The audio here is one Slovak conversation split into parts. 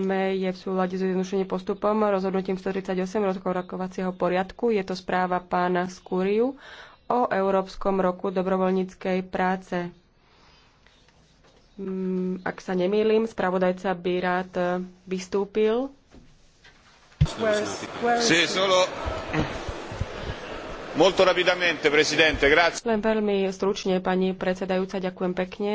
máme, je v súlade s jednodušeným postupom rozhodnutím 138 rozrokovacieho poriadku. Je to správa pána Skúriu o Európskom roku dobrovoľníckej práce. Mm, ak sa nemýlim, spravodajca by rád e, vystúpil. Len veľmi stručne, pani predsedajúca, ďakujem pekne.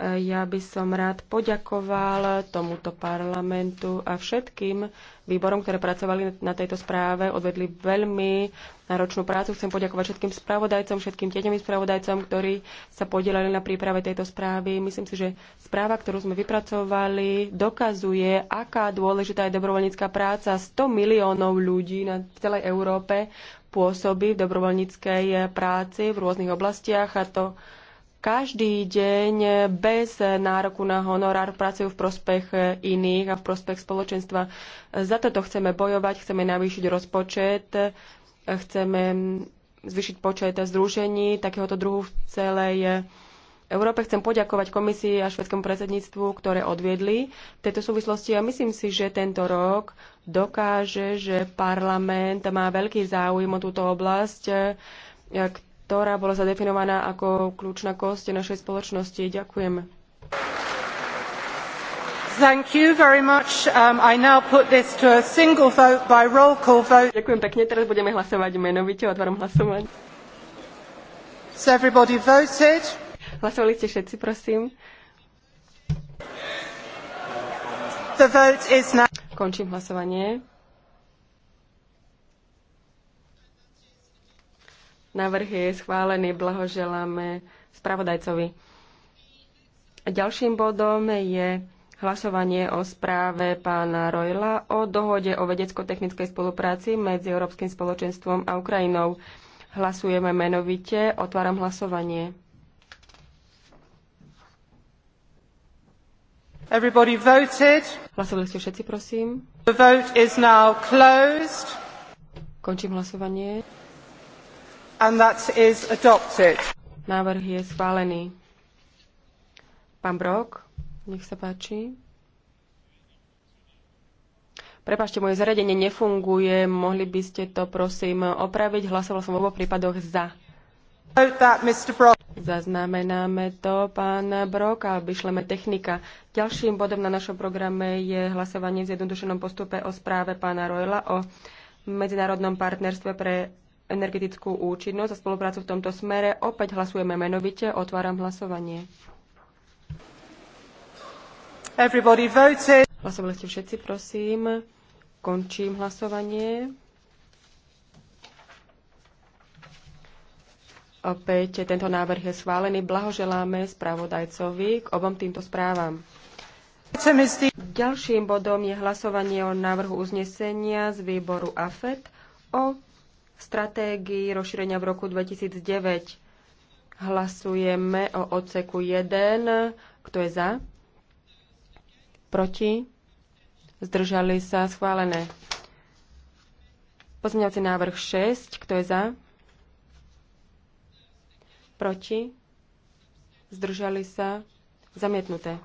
Ja by som rád poďakoval tomuto parlamentu a všetkým výborom, ktoré pracovali na tejto správe, odvedli veľmi náročnú prácu. Chcem poďakovať všetkým spravodajcom, všetkým tieňovým spravodajcom, ktorí sa podielali na príprave tejto správy. Myslím si, že správa, ktorú sme vypracovali, dokazuje, aká dôležitá je dobrovoľnícká práca 100 miliónov ľudí na celej Európe pôsobí v dobrovoľníckej práci v rôznych oblastiach a to každý deň bez nároku na honorár pracujú v prospech iných a v prospech spoločenstva. Za toto chceme bojovať, chceme navýšiť rozpočet, chceme zvyšiť počet združení takéhoto druhu v celej Európe. Chcem poďakovať komisii a švedskému predsedníctvu, ktoré odviedli v tejto súvislosti a myslím si, že tento rok dokáže, že parlament má veľký záujem o túto oblasť, ktorá bola zadefinovaná ako kľúčna kosť našej spoločnosti. Ďakujem. Thank you very much. Um, I now put this to a single vote by roll call vote. Ďakujem pekne, teraz budeme hlasovať menovite, otváram hlasovanie. So everybody voted. Hlasovali ste všetci, prosím. The vote is now... Končím hlasovanie. Návrh je schválený, blahoželáme spravodajcovi. Ďalším bodom je hlasovanie o správe pána Rojla o dohode o vedecko-technickej spolupráci medzi Európskym spoločenstvom a Ukrajinou. Hlasujeme menovite. Otváram hlasovanie. Everybody voted. Hlasovali ste všetci, prosím. The vote is now closed. Končím hlasovanie and that is adopted. Návrh je schválený. Pán Brok, nech sa páči. Prepašte, moje zariadenie nefunguje. Mohli by ste to, prosím, opraviť. Hlasoval som v oboch prípadoch za. Zaznamenáme to, pán Brok, a vyšleme technika. Ďalším bodom na našom programe je hlasovanie v zjednodušenom postupe o správe pána Rojla o medzinárodnom partnerstve pre energetickú účinnosť a spoluprácu v tomto smere. Opäť hlasujeme menovite. Otváram hlasovanie. Hlasovali ste všetci, prosím. Končím hlasovanie. Opäť tento návrh je schválený. Blahoželáme spravodajcovi k obom týmto správam. Ďalším bodom je hlasovanie o návrhu uznesenia z výboru AFET o stratégii rozšírenia v roku 2009. Hlasujeme o odseku 1. Kto je za? Proti? Zdržali sa schválené. Pozmeňovací návrh 6. Kto je za? Proti? Zdržali sa? Zamietnuté.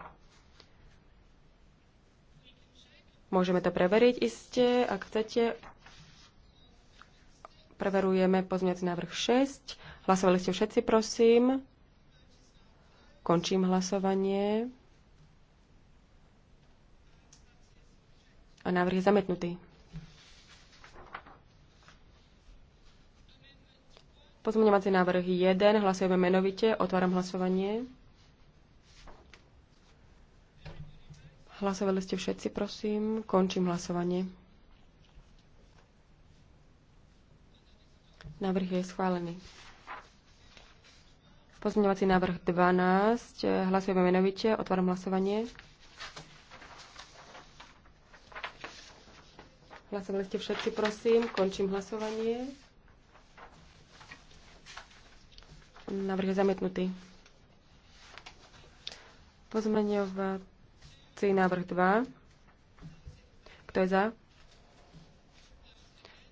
Môžeme to preveriť iste, ak chcete. Preverujeme pozmiaci návrh 6. Hlasovali ste všetci, prosím. Končím hlasovanie. A návrh je zametnutý. Pozmeňovací návrh 1. Hlasujeme menovite. Otváram hlasovanie. Hlasovali ste všetci, prosím. Končím hlasovanie. Návrh je schválený. Pozmeňovací návrh 12. Hlasujeme menovite. Otváram hlasovanie. Hlasovali ste všetci, prosím. Končím hlasovanie. Návrh je zamietnutý. Pozmeňovací návrh 2. Kto je za?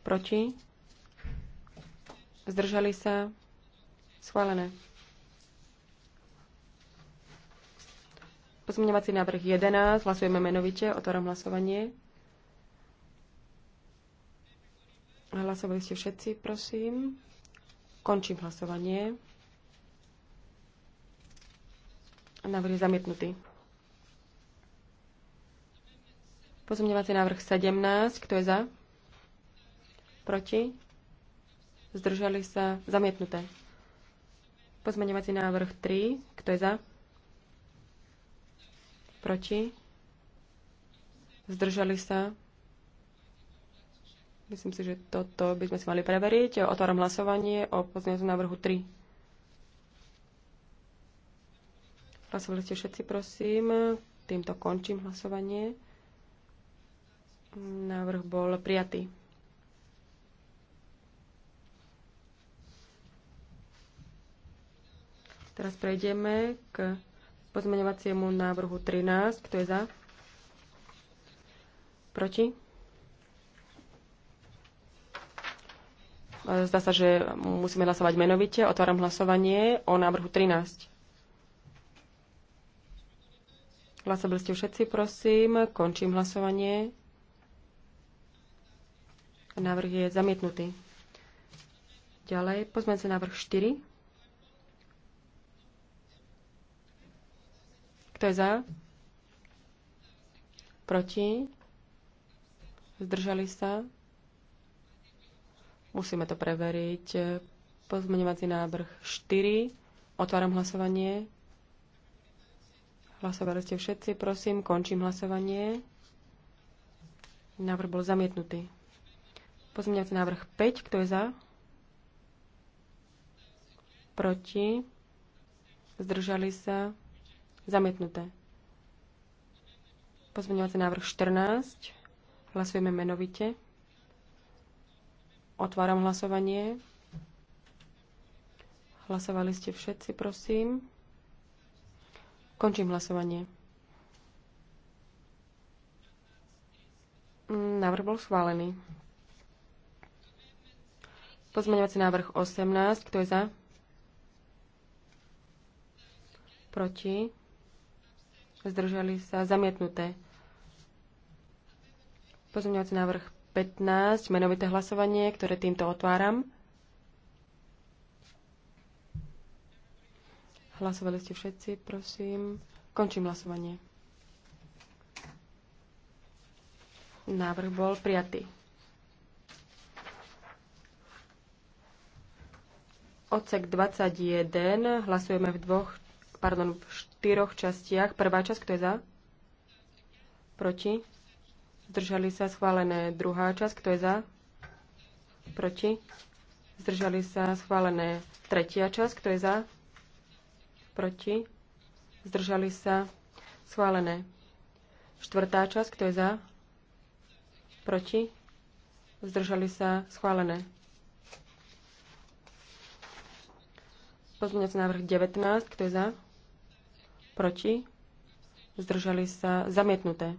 Proti? Zdržali sa? Schválené. Pozmeňovací návrh 11. Hlasujeme menovite. Otváram hlasovanie. Hlasovali ste všetci, prosím. Končím hlasovanie. Návrh je zamietnutý. Pozmeňovací návrh 17. Kto je za? Proti? zdržali sa, zamietnuté. Pozmeňovací návrh 3, kto je za? Proti? Zdržali sa? Myslím si, že toto by sme si mali preveriť. Otváram hlasovanie o pozmeňovacom návrhu 3. Hlasovali ste všetci, prosím. Týmto končím hlasovanie. Návrh bol prijatý. Teraz prejdeme k pozmeňovaciemu návrhu 13. Kto je za? Proti? E, zdá sa, že musíme hlasovať menovite. Otváram hlasovanie o návrhu 13. Hlasovali ste všetci, prosím. Končím hlasovanie. Návrh je zamietnutý. Ďalej, pozmeňte návrh 4. Kto je za? Proti? Zdržali sa? Musíme to preveriť. Pozmeňovací návrh 4. Otváram hlasovanie. Hlasovali ste všetci, prosím. Končím hlasovanie. Návrh bol zamietnutý. Pozmeňovací návrh 5. Kto je za? Proti? Zdržali sa? Zamietnuté. Pozmeňovací návrh 14. Hlasujeme menovite. Otváram hlasovanie. Hlasovali ste všetci, prosím. Končím hlasovanie. Návrh bol schválený. Pozmeňovací návrh 18. Kto je za? Proti? zdržali sa, zamietnuté. Pozmeňovací návrh 15, menovité hlasovanie, ktoré týmto otváram. Hlasovali ste všetci, prosím. Končím hlasovanie. Návrh bol prijatý. Odsek 21 hlasujeme v dvoch pardon, v štyroch častiach. Prvá časť, kto je za? Proti? Zdržali sa schválené. Druhá časť, kto je za? Proti? Zdržali sa schválené. Tretia časť, kto je za? Proti? Zdržali sa schválené. Štvrtá časť, kto je za? Proti? Zdržali sa schválené. Pozmeňovací návrh 19, kto je za? proti, zdržali sa zamietnuté.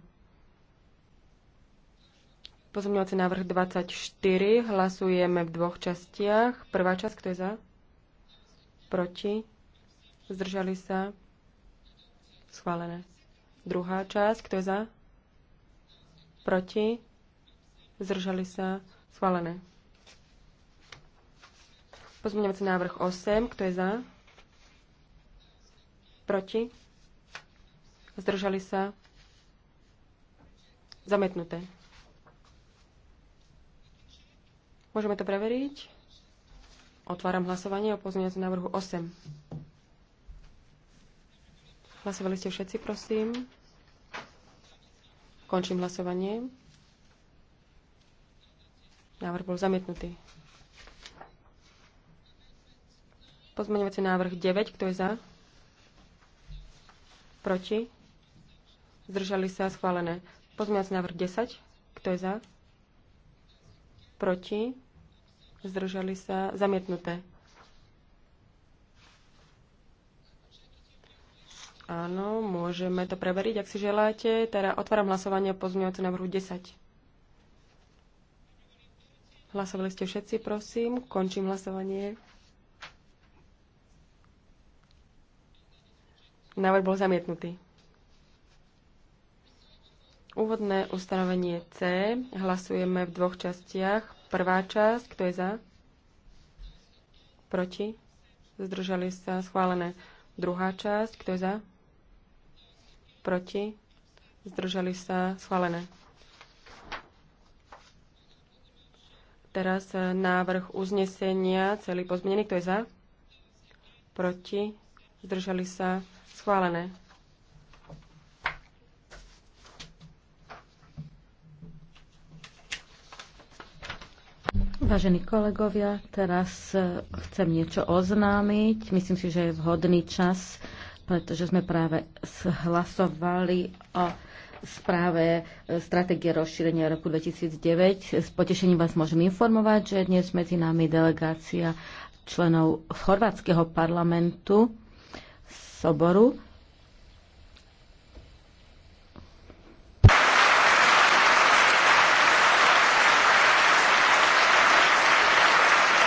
Pozmeňovací návrh 24 hlasujeme v dvoch častiach. Prvá časť, kto je za? Proti? Zdržali sa? Schválené. Druhá časť, kto je za? Proti? Zdržali sa? Schválené. Pozmeňovací návrh 8, kto je za? Proti? zdržali sa, zametnuté. Môžeme to preveriť. Otváram hlasovanie o pozmeňovacom návrhu 8. Hlasovali ste všetci, prosím. Končím hlasovanie. Návrh bol zamietnutý. Pozmeňovací návrh 9. Kto je za? Proti? Zdržali sa schválené. Pozmiac návrh 10. Kto je za? Proti? Zdržali sa zamietnuté. Áno, môžeme to preveriť, ak si želáte. Teda otváram hlasovanie o pozmeňovacom návrhu 10. Hlasovali ste všetci, prosím. Končím hlasovanie. Návrh bol zamietnutý. Úvodné ustanovenie C hlasujeme v dvoch častiach. Prvá časť, kto je za? Proti? Zdržali sa schválené. Druhá časť, kto je za? Proti? Zdržali sa schválené. Teraz e, návrh uznesenia, celý pozmenený, kto je za? Proti? Zdržali sa schválené. Vážení kolegovia, teraz e, chcem niečo oznámiť. Myslím si, že je vhodný čas, pretože sme práve hlasovali o správe e, stratégie rozšírenia roku 2009. S potešením vás môžem informovať, že dnes medzi nami delegácia členov chorvátskeho parlamentu Soboru